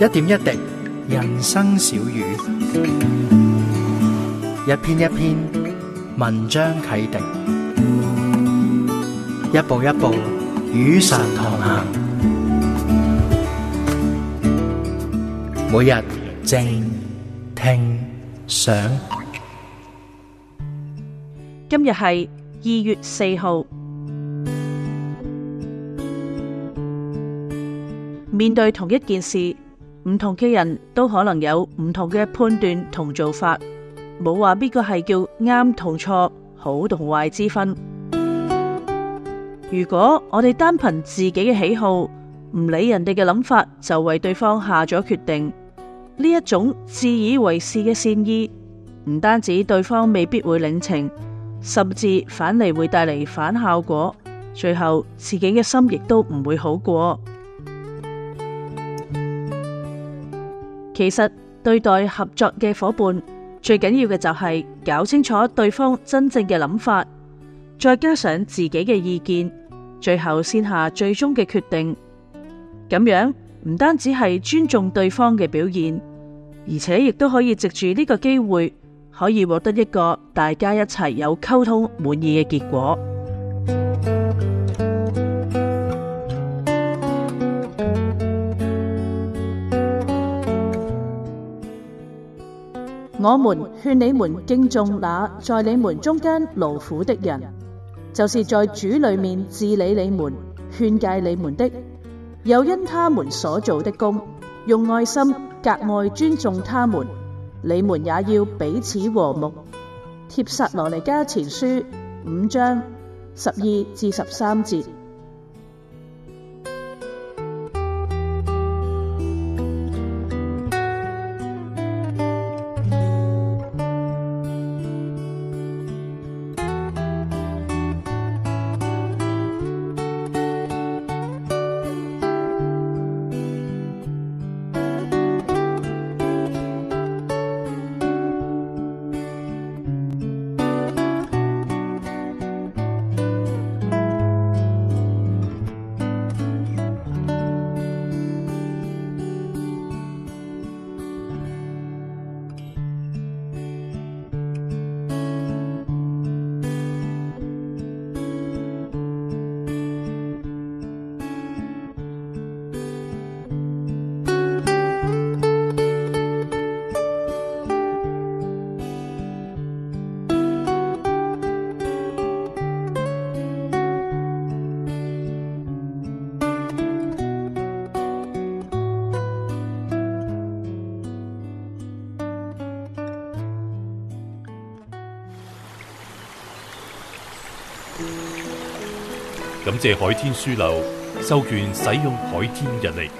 一點一滴，人生小語；一篇一篇，文章啟迪；一步一步，雨傘同行。每日靜聽想，今日係二月四號。面對同一件事。唔同嘅人都可能有唔同嘅判斷同做法，冇話邊個係叫啱同錯、好同壞之分。如果我哋單憑自己嘅喜好，唔理人哋嘅諗法，就為對方下咗決定，呢一種自以為是嘅善意，唔單止對方未必會領情，甚至反嚟，會帶嚟反效果，最後自己嘅心亦都唔會好過。其實，對待合作嘅夥伴，最緊要嘅就係搞清楚對方真正嘅諗法，再加上自己嘅意見，最後先下最終嘅決定。咁樣唔單止係尊重對方嘅表現，而且亦都可以藉住呢個機會，可以獲得一個大家一齊有溝通滿意嘅結果。我們勸你們敬重那在你們中間勞苦的人，就是在主裏面治理你們、勸戒你們的。又因他們所做的工，用愛心格外尊重他們，你們也要彼此和睦。帖撒羅尼迦前書五章十二至十三節。感謝海天書樓授權使用海天日曆，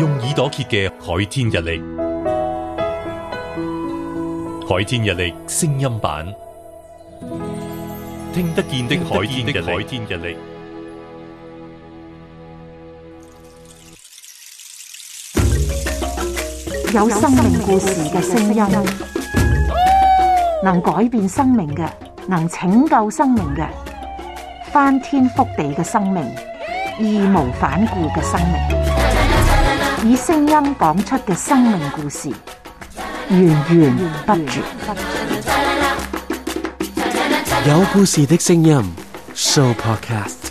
用耳朵揭嘅海天日曆，海天日曆聲音版、聽得見的海天日曆。海天日有生命故事嘅聲音，能改變生命嘅，能拯救生命嘅，翻天覆地嘅生命，義無反顧嘅生命，以聲音講出嘅生命故事，源源不絕。有故事的聲音，Sooo Podcast。